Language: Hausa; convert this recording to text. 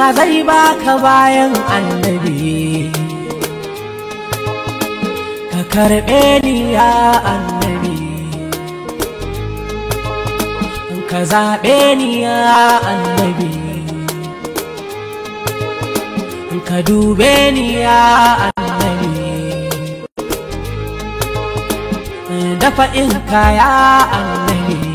wa zai baka bayan annabi ka karɓe ni ya annabi ka zaɓe ni ya annabi ka dube ni ya annabi in kaya ya annabi